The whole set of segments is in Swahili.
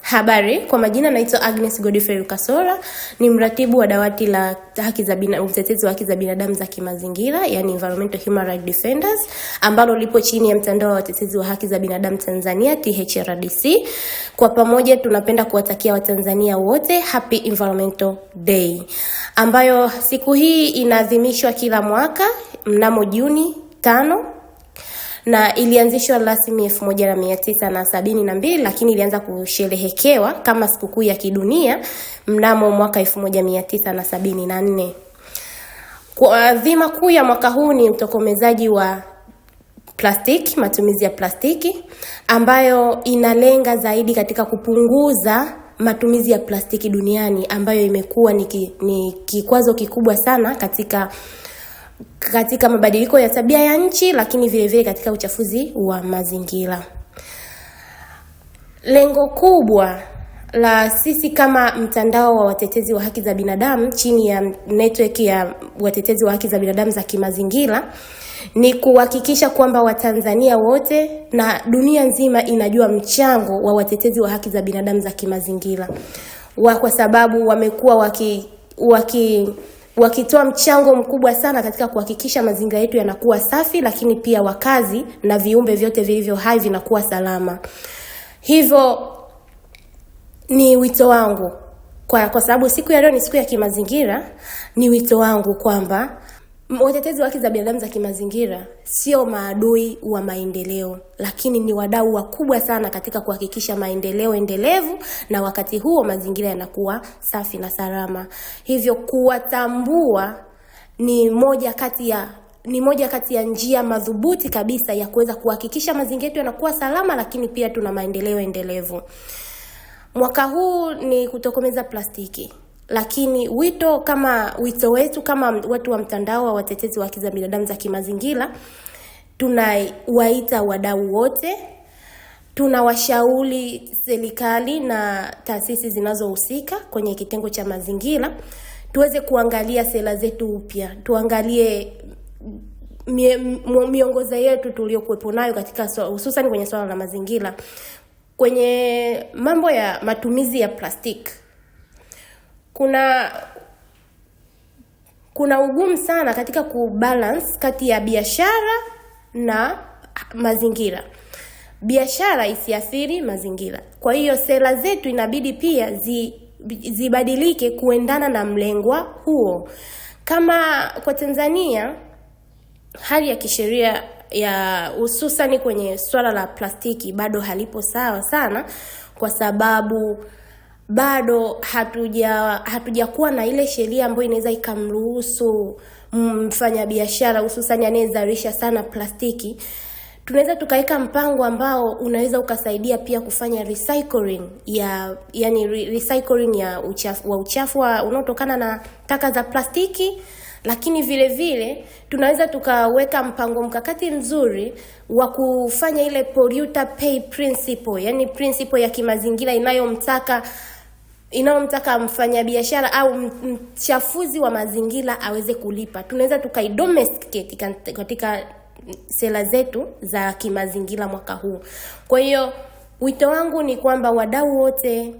Habari, kwa majina naitwa Agnes Godfrey Lukasola, ni mratibu wa dawati la haki za binadamu, utetezi wa haki za binadamu za kimazingira, yani Environmental Human Rights Defenders, ambalo lipo chini ya mtandao wa watetezi wa haki za binadamu Tanzania THRDC. Kwa pamoja tunapenda kuwatakia Watanzania wote Happy Environmental Day, ambayo siku hii inaadhimishwa kila mwaka mnamo Juni tano na ilianzishwa rasmi elfu moja na mia tisa na sabini na mbili lakini ilianza kusherehekewa kama sikukuu ya kidunia mnamo mwaka elfu moja mia tisa na sabini na nne. Kwa uh, dhima kuu ya mwaka huu ni mtokomezaji wa plastiki, matumizi ya plastiki ambayo inalenga zaidi katika kupunguza matumizi ya plastiki duniani ambayo imekuwa ni, ki, ni kikwazo kikubwa sana katika katika mabadiliko ya tabia ya nchi, lakini vile vile katika uchafuzi wa mazingira. Lengo kubwa la sisi kama mtandao wa watetezi wa haki za binadamu chini ya network ya watetezi wa haki za binadamu za kimazingira ni kuhakikisha kwamba Watanzania wote na dunia nzima inajua mchango wa watetezi wa haki za binadamu za kimazingira wa kwa sababu wamekuwa waki, waki wakitoa mchango mkubwa sana katika kuhakikisha mazingira yetu yanakuwa safi, lakini pia wakazi na viumbe vyote vilivyo hai vinakuwa salama. Hivyo ni wito wangu kwa, kwa sababu siku ya leo ni siku ya kimazingira, ni wito wangu kwamba Watetezi wa haki za binadamu za kimazingira sio maadui wa maendeleo, lakini ni wadau wakubwa sana katika kuhakikisha maendeleo endelevu, na wakati huo mazingira yanakuwa safi na salama. Hivyo kuwatambua ni moja kati ya ni moja kati ya njia madhubuti kabisa ya kuweza kuhakikisha mazingira yetu yanakuwa salama, lakini pia tuna maendeleo endelevu. Mwaka huu ni kutokomeza plastiki lakini wito kama wito wetu kama watu wa mtandao wa watetezi wa haki za binadamu za kimazingira, tunawaita wadau wote, tunawashauri serikali na taasisi zinazohusika kwenye kitengo cha mazingira tuweze kuangalia sera zetu upya, tuangalie miongozo yetu tuliokuwepo nayo katika hususan kwenye swala la mazingira, kwenye mambo ya matumizi ya plastiki kuna kuna ugumu sana katika kubalance kati ya biashara na mazingira biashara isiathiri mazingira kwa hiyo sera zetu inabidi pia zi, zibadilike kuendana na mlengwa huo kama kwa tanzania hali ya kisheria ya hususani kwenye swala la plastiki bado halipo sawa sana kwa sababu bado hatuja hatujakuwa na ile sheria ambayo inaweza ikamruhusu mfanyabiashara hususani anayezalisha sana plastiki tunaweza tukaweka mpango ambao unaweza ukasaidia pia kufanya recycling ya yani recycling ya uchafu wa uchafu unaotokana na taka za plastiki lakini vile vile tunaweza tukaweka mpango mkakati mzuri wa kufanya ile polluter pay principle, yani principle ya kimazingira inayomtaka inayomtaka mfanyabiashara au mchafuzi wa mazingira aweze kulipa. Tunaweza tukaidomesticate katika sera zetu za kimazingira mwaka huu. Kwa hiyo wito wangu ni kwamba wadau wote,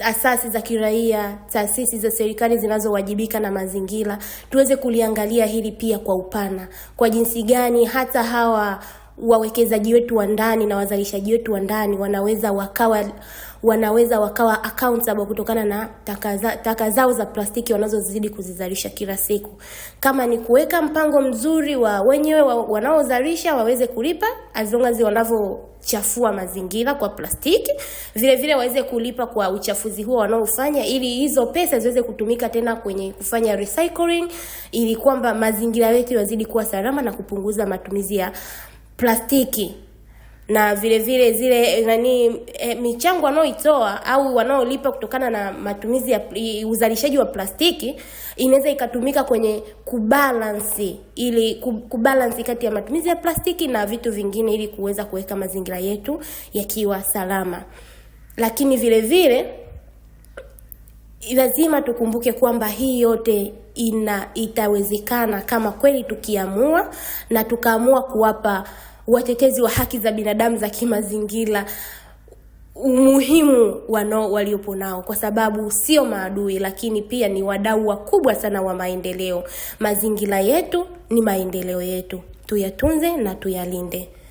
asasi za kiraia, taasisi za serikali zinazowajibika na mazingira, tuweze kuliangalia hili pia kwa upana, kwa jinsi gani hata hawa wawekezaji wetu wa ndani na wazalishaji wetu wa ndani wanaweza wakawa wanaweza wakawa accountable kutokana na taka, za, taka zao za plastiki wanazozidi kuzizalisha kila siku. Kama ni kuweka mpango mzuri wa wenyewe wa, wanaozalisha waweze kulipa as long as wanavyochafua mazingira kwa plastiki, vile vile waweze kulipa kwa uchafuzi huo wanaofanya, ili hizo pesa ziweze kutumika tena kwenye kufanya recycling, ili kwamba mazingira yetu yazidi kuwa salama na kupunguza matumizi ya plastiki na vile vile zile eh, nani e, michango wanaoitoa au wanaolipa kutokana na matumizi ya uzalishaji wa plastiki inaweza ikatumika kwenye kubalansi, ili kubalansi kati ya matumizi ya plastiki na vitu vingine, ili kuweza kuweka mazingira yetu yakiwa salama, lakini vile vile lazima tukumbuke kwamba hii yote ina itawezekana kama kweli tukiamua na tukaamua kuwapa watetezi wa haki za binadamu za kimazingira umuhimu wanao waliopo nao, kwa sababu sio maadui, lakini pia ni wadau wakubwa sana wa maendeleo. Mazingira yetu ni maendeleo yetu, tuyatunze na tuyalinde.